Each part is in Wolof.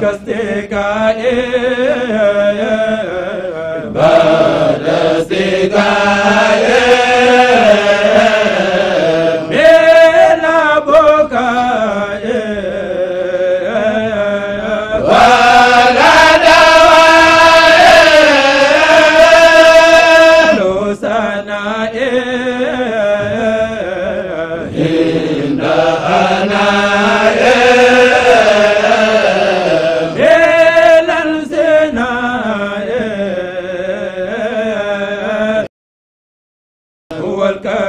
gaste ka e, e, e, e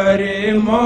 Karimo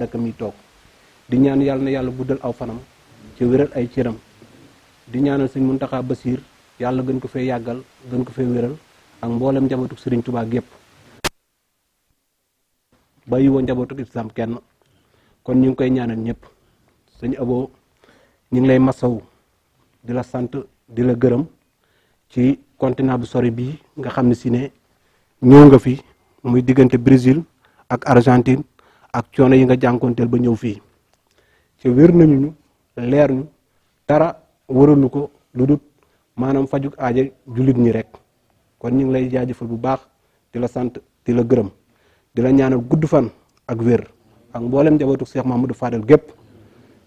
Mubaraka mi toog di ñaan yàlla na yàlla guddal aw fanam ci wéral ay cëram di ñaanal sëñ Muntaxa Basiir yàlla gën ko fee yàggal gën ko fee wéral ak mboolem njabootu sëriñ Tuubaa gépp bàyyi woon njabootu islam kenn kon ñu ngi koy ñaanal ñëpp sëñ Abo ñu ngi lay masawu di la sant di la gërëm ci continent bu sori bii nga xam ne si ne ñëw nga fi muy diggante Brésil ak Argentine ak coono yi nga jànkoonteel ba ñëw fii ci wér nañu ñu leer ñu dara waralu ko lu dut maanaam fajug aaja jullit ñi rek kon ñu ngi lay jaajëfal bu baax di la sant di la gërëm di la ñaanal gudd fan ak wér ak mboolem njabootu Cheikh Mamadou Fadel gépp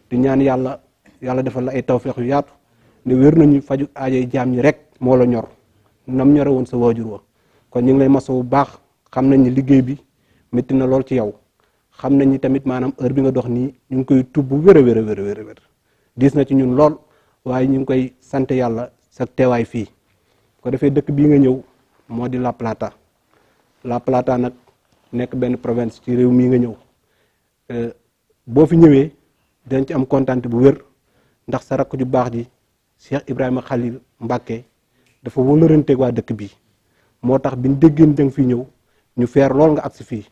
di ñaan yàlla yàlla defal la ay tawféex yu yaatu ne wér nañu faju aajay jaam ñi rek moo la ñor nam ñore woon sa waajur wa kon ñu ngi lay maso bu baax xam nañ ne liggéey bi métti na lool ci yow xam nañ ni tamit maanaam heure bi nga dox nii ñu ngi koy tub bu wér a wér a wér a wér diis na ci ñun lool waaye ñu ngi koy sant yàlla sa teewaay fii ko defee dëkk bii nga ñëw moo di La Plata La Plata nag nekk benn province ci réew mii nga ñëw euh, boo fi ñëwee dañ ci am kontante bu wér ndax sa rakk ju baax ji Cheikh Ibrahima Khalil Mbacké dafa wëlëranteeg waa dëkk bi moo tax biñ déggeen danga fi ñëw ñu feer lool nga agsi fii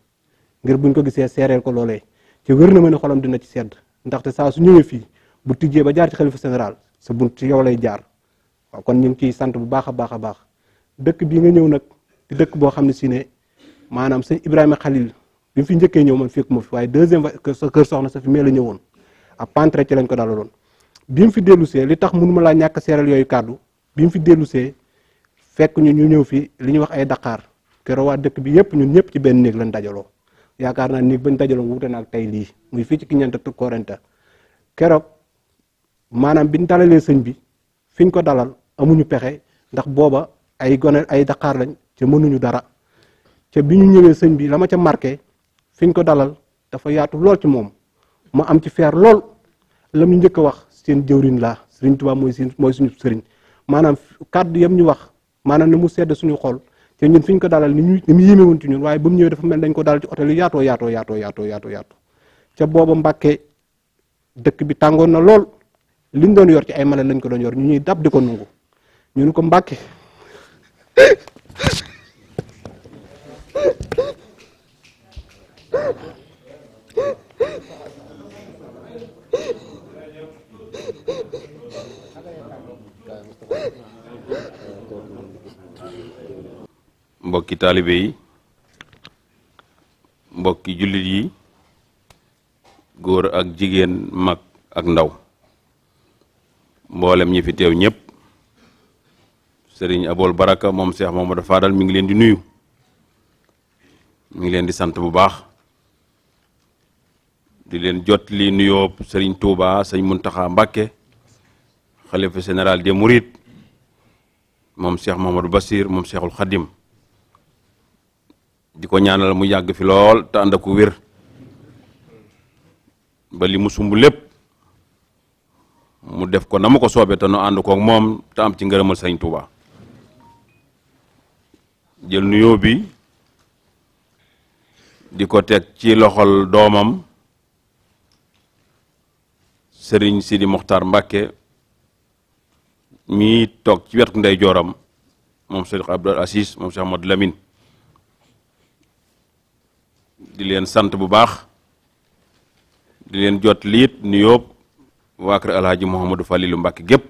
ngir buñ ko gisee seereel ko loolee ci wér na ma ne xolam dina ci sedd ndaxte saa su ñëwee fii bu tijjee ba jaar ci xalifa général sa bunt ci yow lay jaar kon ñu ngi ciy sant bu baax a baax a baax dëkk bii nga ñëw nag dëkk boo xam ne si ne maanaam sa Ibrahima Khalil bi mu fi njëkkee ñëw man fekkuma fi waaye deuxième sa kër soxna sa fi mee la ñëwoon ab pentre ci lañ ko daal doon bi mu fi dellusee li tax mënuma laa ñàkk seeral yooyu kàddu bi mu fi dellusee fekk ñu ñu ñëw fi li ñuy wax ay Dakar keroog dëkk bi yëpp ñun ñëpp ci benn néeg lañ dajaloo yaakaar naa ni bañ dajaloon wuute na ak tey lii muy fii ci ki Kiñanta Korenta keroog maanaam biñ dalalee sëñ bi fiñ ko dalal amuñu pexe ndax booba ay gone ay daqaar lañ ca mënuñu dara ca bi ñu ñëwee sëñ bi la ca marke marqué fiñ ko dalal dafa yaatu lool ci moom ma am ci feer lool lam ñu njëkk a wax seen jëwriñ laa sëriñ Tuubaa mooy suñu mooy suñu sëriñ maanaam kàddu yam ñu wax maanaam ni mu sedd suñu xol te ñun fi ko dalal ni ñu ni mu yéeme woon ci ñun waaye ba mu ñëwee dafa mel dañ ko dalal ci hôtel yu yaatoo yaato yaatoo yaatoo yaatoo yaatoo ca booba Mbàkke dëkk bi tàngoon na lool liñ doon yor ci ay mala lañ ko doon yor ñu ñuy dab di ko nungu ñu ko Mbàkke mbokki taalibe yi mbokki jullit yi góor ak jigéen mag ak ndaw mboolem ñi fi teew ñëpp sëriñ Abol Baraka moom seex Mamadou Fadal mi ngi leen di nuyu mu ngi leen di sant bu baax di leen jot li nuyoo sëriñ Touba sëriñ Muntaxa Mbàkke xalifa général des Mourides moom Cheikh Mamadou Bassir moom Cheikhul Khadim di ko ñaanal mu yàgg fi lool te ànd ak ku wér ba li mu sumb lépp mu def ko na mu ko soobee te nu ànd koog moom te am ci ngërëmal sëriñ Touba jël nuyoo bi di ko teg ci loxol doomam sëriñ Sidi Mokhtar mbake mii toog ci wetu ndey jooram moom sëriñ Abdoul Aziz moom Cheikh Modou Lamine di leen sant bu baax di leen jot liit nuyoo waa kër alhaji Mouhamadou Falilou Mbacké gépp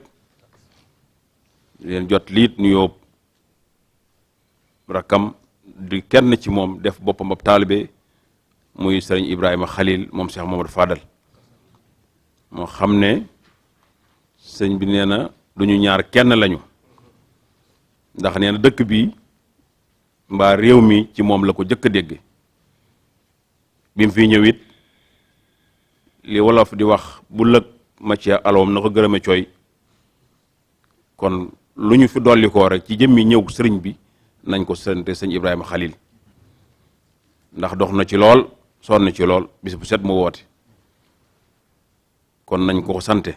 di leen jot liit nuyoo rakkam di kenn ci moom def boppam ab taalibe muy sëriñ Ibrahima Khalil moom Cheikh Mouhamadou Fadal moo xam ne sëñ bi nee na du ñu ñaar kenn lañu ndax nee dëkk bi mbaa réew mi ci moom la ko jëkk a dégg bi fi fiy ñëw it li wolof di wax bu lëg ma ci na ko gërëme cooy kon lu ñu fi dollikoo rek ci jëmmi ñëw sëriñ bi nañ ko sante sëñ Ibrahima Khalil ndax dox na ci lool sonn na ci lool bis bu set mu woote kon nañ ko sante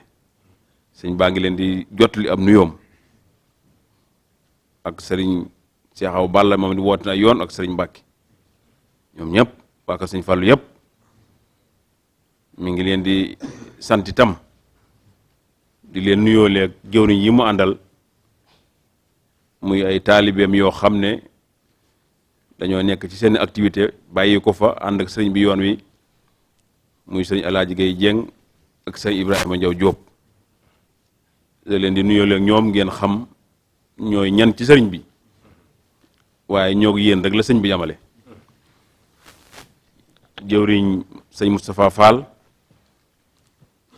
sëñ baa ngi leen di jotli am nuyoom ak sëriñ Seexaw Balla moom di woote na yoon ak sëriñ Mbàkke ñoom ñëpp waa ka sëñ Fallou yëpp mu ngi leen di sant itam di leen nuyoo leeg jëwriñ yi mu àndal muy ay taalibeem yoo xam ne dañoo nekk ci seeni activité bàyyi ko fa ànd ak sëñ bi yoon wi muy sëñ Alaaji Gay Jeng ak sëñ Ibrahima Jaw Jóob da leen di nuyoo leeg ñoom ngeen xam ñooy ñan ci sëriñ bi waaye ñoo yéen rek la sëñ bi jamale jëwriñ sëñ Moustapha Fall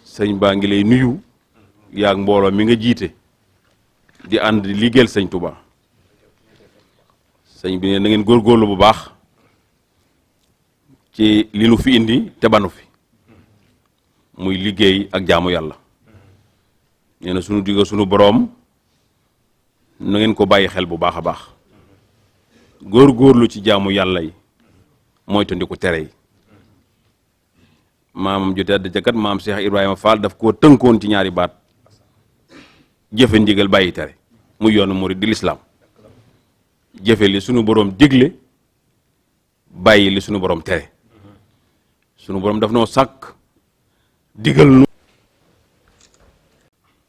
sëñ baa ngi lay nuyu yaag mbooloo mi nga jiite di ànd di liggéeyal sëñ Touba sëñ bi ne na ngeen góorlu bu baax ci li lu fi indi te banu fi muy liggéey ak jaamu yàlla nee na sunu digga sunu boroom na ngeen ko bàyyi xel bu baax a baax góorgóorlu ci jaamu yàlla yi mooy tandi ko tere yi maamam ju tedd ca kat maam Cheikh Ibrahima Fall daf koo tënkoon ci ñaari baat jëfe ndigal bàyyi tere mu yoonu murid di lislaam jëfe li sunu boroom digle bàyyi li sunu boroom tere sunu borom daf noo sàkk digal nu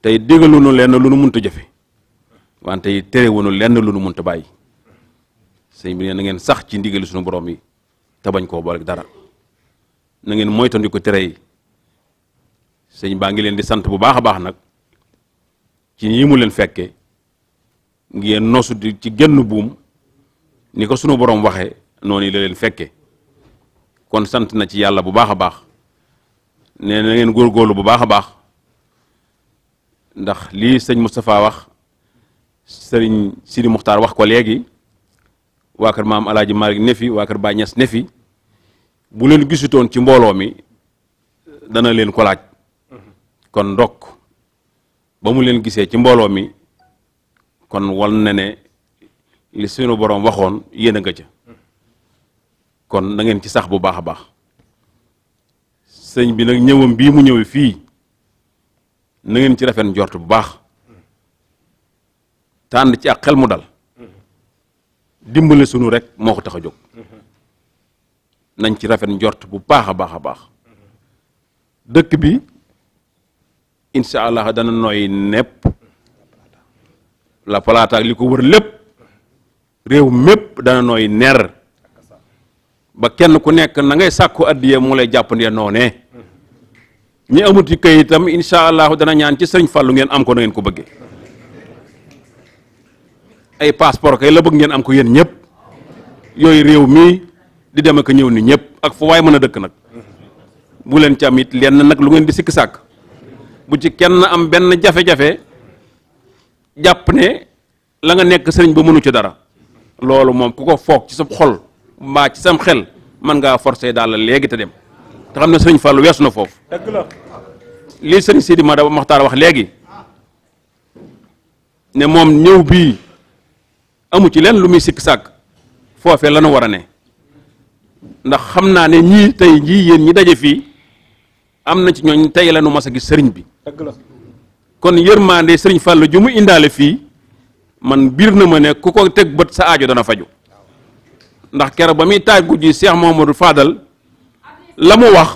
tey digalu nu lenn lu nu munta jëfe wante terewunu lenn lu nu munta bàyyi sëñ bi ne na ngeen sax ci ndigali sunu borom yi te bañ koo boole dara nangeen ngeen moytandiku tere yi sëñ baa ngi leen di sant bu baax a baax nag ci ñi leen fekke ngeen nosu di ci genn buum ni ko sunu boroom waxee noonu yi la leen fekke kon sant na ci yàlla bu baax a baax nee na ngeen góorlu bu baax a baax ndax lii sëñ Moustapha wax sëriñ Sidi Muxtaar wax ko léegi waa kër maam Alaaji Malik ne fi waa kër Baay Ñas ne fi bu leen gisutoon ci mbooloo mi dana leen ko laaj kon ndokk ba mu leen gisee ci mbooloo mi kon wan na ne li sunu boroom waxoon yéen a nga ca kon na ci sax bu baax a baax sëñ bi nag ñëwam bii mu ñëwee fii na ngeen ci rafet njort bu baax tànn ci ak xel mu dal dimbale sunu rek moo ko tax a jóg nañ ci rafet njort bu baax a baax a baax dëkk bi incha allah dana noy nepp la Plata li ko wër lépp réew mépp dana nooy ner ba kenn ku nekk na ngay sàkku addiya mu lay jàppandee noonee ñi amut yi kay itam incha allah dana ñaan ci sëñ Fallou ngeen am ko na ngeen ko bëggee ay passeport kay la bëgg ngeen am ko yéen ñëpp yooyu réew mi. di dem ak ñëw nii ñëpp ak fu waay mën a dëkk nag bu leen ci am it lenn nag lu ngeen di sikk sàkk bu ci kenn am benn jafe-jafe jàpp ne la nga nekk sëriñ bu mënu ci dara loolu moom ku ko foog ci sa xol mbaa ci sam xel mën ngaa forcé daal la léegi te dem te xam ne sëriñ Fallou weesu na foofu lii sëriñ Sidi Mada Maxtaar wax léegi ne moom ñëw bii amu ci leen lu muy sikk sàkk foofee la nu war a ne ndax xam naa ne ñii tey jii yéen ñi daje fii am na ci ñooñ tey lanu nu mas gis sëriñ bi kon yërmaande sëriñ Fàll ju mu indaale fii man biir na ma ne ku ko teg bët sa ajo dana faju ndax keroog ba muy taaj guddi Cheikh Mouhamadou Fadal la mu wax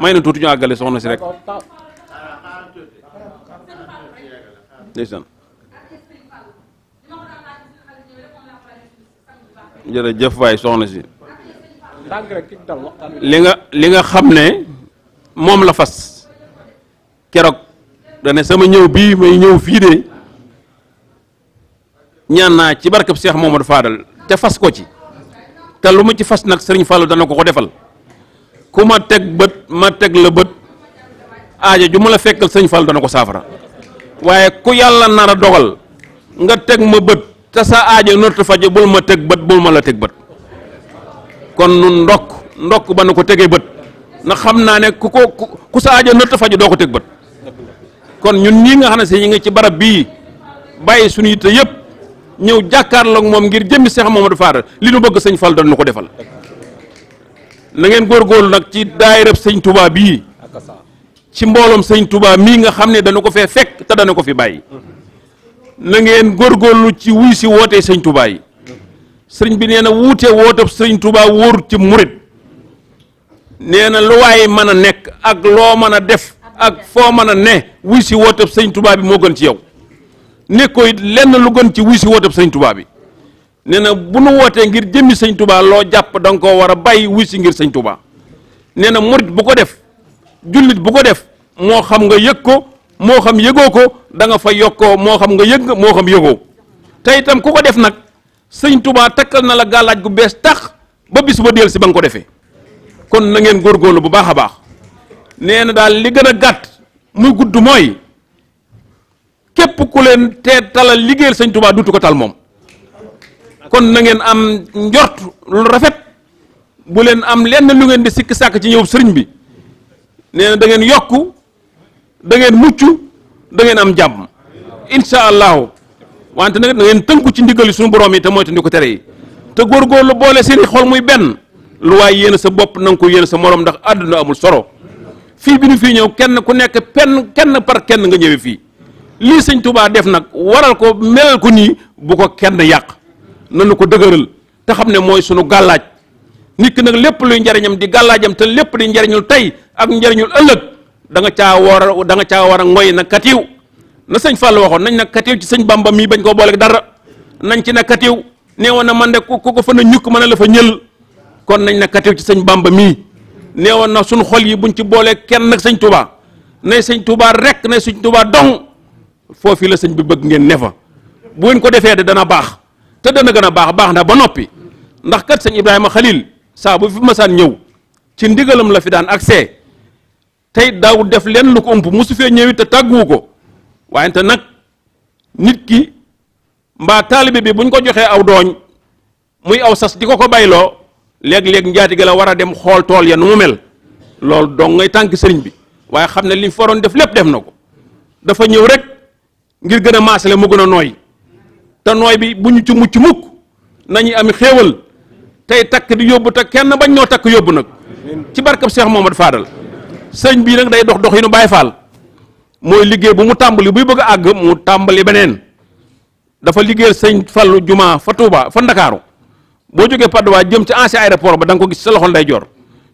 may na tuuti ñu àggale soxna si rek ndeysaan jërëjëf waay li nga li nga xam ne moom la fas keroog dane sama ñëw bii may ñëw fii de ñaan naa ci barkab Seex Mamadu Faadal te fas ko ci te lu ma ci fas nag Sëriñ Fallou dana ko ko defal ku ma teg bët ma teg la bët aaja ju ma la fekkal Sëriñ Fallou dana ko saafara waaye ku yàlla nar dogal nga teg ma bët te sa aaja nortu fajo bul ma teg bët bul ma la teg bët kon nun ndokk ndokk ba nu ko tegee bët na xam naa ne ku ko ku sa aajo nët faju doo ko teg bët kon ñun ñii nga xam ne si ñu nga ci barab bii bàyyi suñu yitte yëpp ñëw jàkkaarloog moom ngir jëmmi Seex moom Faadal li nu bëgg sëñ Fall doon ko defal na ngeen góorgóorlu nag ci daayirab sëñ Touba bii ci mbooloom sëñ Touba mii nga xam ne dana ko fee fekk te dana ko fi bàyyi na góor góorlu ci wuy si wootee sëñ Touba yi sëriñ bi nee na wuute wootab sëriñ Touba wóorut ci murit nee na lu waaye mën a nekk ak loo mën a def ak foo mën a ne wuy si wootab sëriñ Touba bi moo gën ci yow nekk it lenn lu gën ci wuy si wootab sëriñ Touba bi nee na bu nu wootee ngir jëmmi sañ tubaa loo jàpp da nga war a bàyyi wuy si ngir sëñ Touba nee na murit bu ko def jullit bu ko def moo xam nga yëg ko moo xam yëgoo ko danga nga fa yokkoo moo xam nga yëg moo xam yëgoo te itam ku ko def nag. sëñ tubaa takkal na la gàllaaj gu bees tax ba bis ba del si ba nga ko defee kon na ngeen góorgóorlu bu baax a baax nee na daal li gën a gàtt muy gudd mooy képp ku leen te talal liggéeyal sëñ tubaa dutu ko tal moom kon na ngeen am njort lu rafet bu leen am lenn lu ngeen di sikk sàkk ci ñëw sëriñ bi nee na da ngeen yokk da ngeen mucc da ngeen am jàmm incha allahu wante nag na ngeen ko ci ndigal yi suñu borom yi te mooy te ndi ko tere yi te góorgóorlu boole seen i xol muy benn lu waaye yéen sa bopp na ko yéen sa morom ndax àdduna amul soro fii bi ñu fii ñëw kenn ku nekk penn kenn par kenn nga ñëwee fii lii sëñ Tuubaa def nag waral ko melal ko nii bu ko kenn yàq nanu ko dëgëral te xam ne mooy sunu gàllaaj nit ki nag lépp luy njariñam di gàllaajam te lépp di njariñul tey ak njariñul ëllëg danga nga caa war da nga caa war a ngoy nag katiw la sëñ Fall waxoon nañ nag katiw ci sëñ Bamba mii bañ koo booleeg dara nañ ci nag katiw nee woon na man de ku ko fa na ñukk mën a la fa ñël kon nañ nag katiw ci sëñ Bamba mii nee woon na suñ xol yi buñ ci booleeg kenn nag sëñ Touba nay sëñ Touba rekk nay sëñ Touba dong foofii la sëñ bi bëgg ngeen ne fa bu ngeen ko defee de dana baax te dana gën a baax baax na ba noppi ndax kat sëñ Ibrahima Khalil saa bu fi masaan ñëw ci ndigalam la fi daan accès tey daaw def lenn lu ko ëmp mosu fee ñëwi te tàgguwu ko waayente nag nit ki mbaa taalibe bi buñ ko joxee aw dooñ muy aw sas di ko ko bayloo léeg-léeg njaati ga la war a dem xool tool ya nu mu mel loolu dong ngay tànk sëriñ bi waaye xam ne li fa waroon def lépp def na ko dafa ñëw rek ngir gën a maasale mu gën a nooy te nooy bi bu ñu ci mucc mukk nañuy am xéewal tey takk di yóbbu te kenn bañ ñoo takk yóbbu nag ci barkab Seex Mamadu Faadal sëriñ bii nag day dox dox yi nu Baay Faal mooy liggéey bu mu tàmbali buy bëgg àgg mu tàmbali beneen dafa liggéeyal sëñ Fallu Juma fa Touba fa Ndakaaru boo jógee Patte d'Oie jëm ci ancien aéroport ba danga ko gis sa loxo ndeyjoor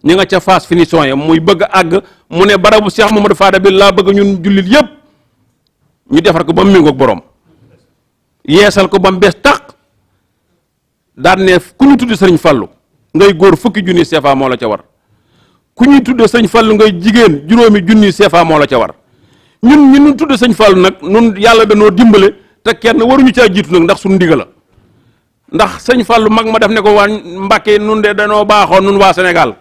ñu nga ca phase finition ya muy bëgg àgg mu ne barabu Cheikh Mamadou Fada bi laa bëgg ñun jullit yépp ñu defar ko ba mu méngoog borom yeesal ko ba mu bees tàq daan ne ku ñu tudd sëriñ Fallu ngay góor fukki junni CFA moo la ca war ku ñuy tudd sëriñ Fallu ngay jigéen juróomi junni CFA moo la ca war. ñun ñun ñu tudd sëñ Fallou nag nun yàlla danoo dimbale te kenn waruñu caa jiitu nag ndax suñu la ndax sëñ Fallou mag ma def ne ko waa Mbàkke nun de danoo baaxoon nun waa senegal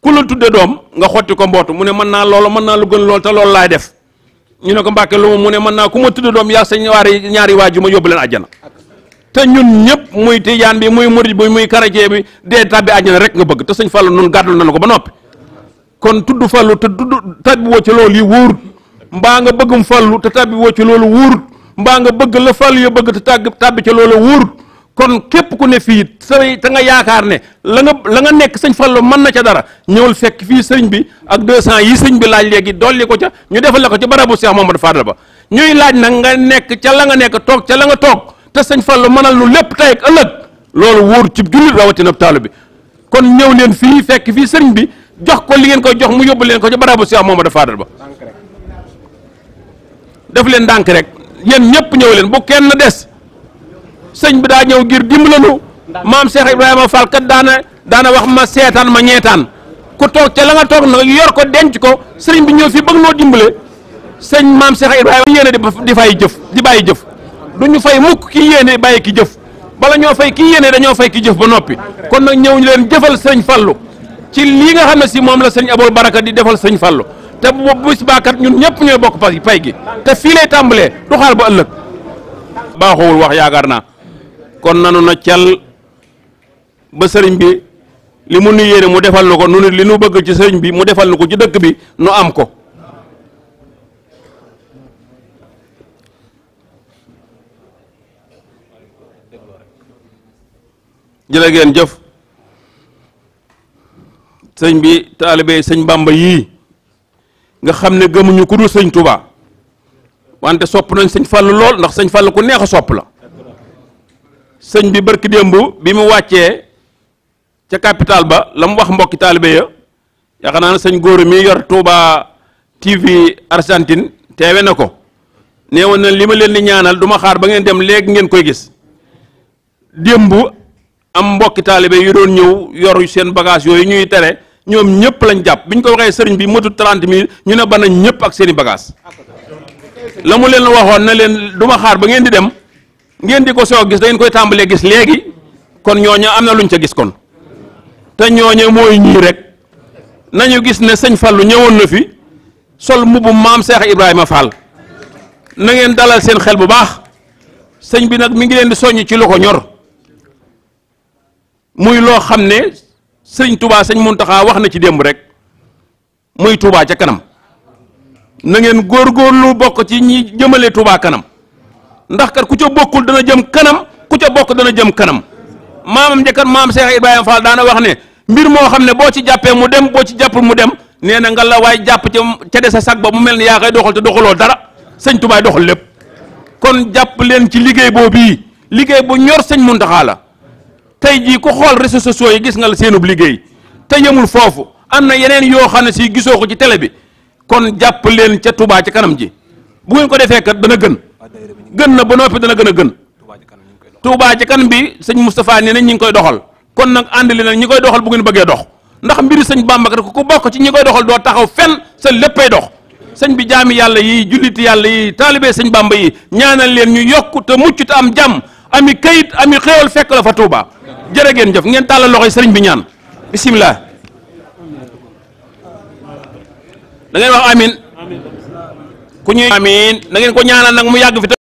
ku la tudde doom nga xotti ko mbootu mu ne mën naa loolu mën naa lu gën lool te loolu laay def ñu ne ko Mbàkke lu mu mu ne mën naa ku ma tudde doom yaa sëñ waari ñaari waaju ma yóbbu leen àjjana te ñun ñëpp muy tijaan bi muy murit bi muy karajee bi dee tàbbi àjjana rek nga bëgg te sëñ Fallou nun gàddul na ko ba noppi mbaa nga bëggum fallu te tàbbi woo ci loolu wóorut mbaa nga bëgg la fallu ya bëgg te tàgg tàbbi ca loola wóorut kon képp ku ne fii say te nga yaakaar ne la nga la nga nekk sëñ fallu mën na ca dara ñëwal fekk fii sëñ bi ak 200 yi sëñ bi laaj léegi dolli ko ca ñu defal la ko ci barabu Cheikh Mamadou Fadal ba ñuy laaj nag nga nekk ca la nga nekk toog ca la nga toog te sëñ fallu mënal nu lépp tey ak loolu wóorut ci jullit rawatina taalu bi kon ñëw leen fii fekk fii sëñ bi jox ko ngeen koy jox mu yóbbu leen ko ci barabu Cheikh Mamadou Fadal ba def leen dànk rek yéen ñëpp ñëw leen bu kenn des sëñ bi daa ñëw ngir dimbalanu maam Cheikh Ibrahima Fall kat daana daana wax ma seetaan ma ñeetaan ku toog ca la nga toog nag yor ko denc ko sëriñ bi ñëw fii bëgg noo dimbale sëñ maam Cheikh Ibrahima yéene di fay jëf di bàyyi jëf du ñu fay mukk kii yéene bàyyi ki jëf bala ñoo fay kii yéene dañoo fay ki jëf ba noppi kon nag ñëw ñu leen jëfal sëñ Fallu ci lii nga xam ne si moom la sëñ Abol Baraka di defal sëñ Fallu te bu bis baakat ñun ñëpp ñooy bokk fas pay gi te fii lay tàmbalee du xaar ba ëllëg baaxowul wax yaakaar naa kon nanu na cal ba sëriñ bi li mu nu yéene mu defal nu ko nu li nu bëgg ci sëriñ bi mu defal nu ko ci dëkk bi nu am ko jërë jëf sëñ bi taalibe sëñ Bàmba yii nga xam ne gëmuñu ku dul sëñ Touba wante sopp nañ sëñ Fallou lool ndax sëñ fàll ku neex a sopp la sëñ bi bërk démb bi mu wàccee ca capital ba la mu wax mbokki taalibe ya yaakaar naa ne sëñ góor mi yor Touba TV Argentine teewe na ko nee woon na li ma leen di ñaanal du ma xaar ba ngeen dem léegi ngeen koy gis démb am mbokki taalibe yu doon ñëw yor seen bagage yooyu ñuy tere. ñoom ñëpp lañ jàpp bi ñu ko waxee sëriñ bi motu 30 mille ñu ne ba nañ ñëpp ak seeni i bagages la mu leen waxoon na leen du ma xaar ba ngeen di dem ngeen di ko soog gis da ngeen koy tàmbalee gis léegi kon ñooña am na lu ñu ca gis kon te ñooña mooy ñii rek nañu gis ne sëñ Fallou ñëwoon na fi sol mbubu maam Cheikh Ibrahima Fall na ngeen dalal seen xel bu baax sëñ bi nag mi ngi leen di soññ ci lu ko ñor muy loo xam ne. sëñ Touba sëñ Mountakha wax na ci démb rek muy tuubaa ca kanam na ngeen góorgóorlu bokk ci ñi jëmale Touba kanam ndax kat ku ca bokkul dana jëm kanam ku ca bokk dana jëm kanam maamam njëkkat maam Cheikh Ibrahima Fall daana wax ne mbir moo xam ne boo ci jàppee mu dem boo ci jàppul mu dem nee na nga la waaye jàpp ca ca de sa sag ba mu mel ni yaa koy doxal te doxaloo dara sëñ Touba doxal lépp kon jàpp leen ci liggéey boobu liggéey bu ñor sëñ Mountakha tey jii ku xool réseaux sociaux yi gis nga la seenub liggéey te yemul foofu am na yeneen yoo xam ne si gisoo ko ci télé bi kon jàpp leen ca tubaa ci kanam ji bu ko defee kat dana gën gën na ba noppi dana gën a gën Touba ci kanam bi sëñ Moustapha nee na ñi ngi koy doxal kon nag ànd leen ñi koy doxal bu ngeen bëggee dox ndax mbiri sëñ Bàmba kat ku bokk ci ñi koy doxal doo taxaw fenn sa léppay dox sëñ bi jaami yàlla yi jullit yàlla yi taalibee sëñ Bàmba yi ñaanal leen ñu yokk te mucc te am jàmm ami kayit ami xéewal fekk la fa Touba jërë ngeen jëf ngeen tàllal loxo sëriñ bi ñaan bisimilah. da ngeen amin ku ñuy amin da ko ñaanal nag mu yàgg fi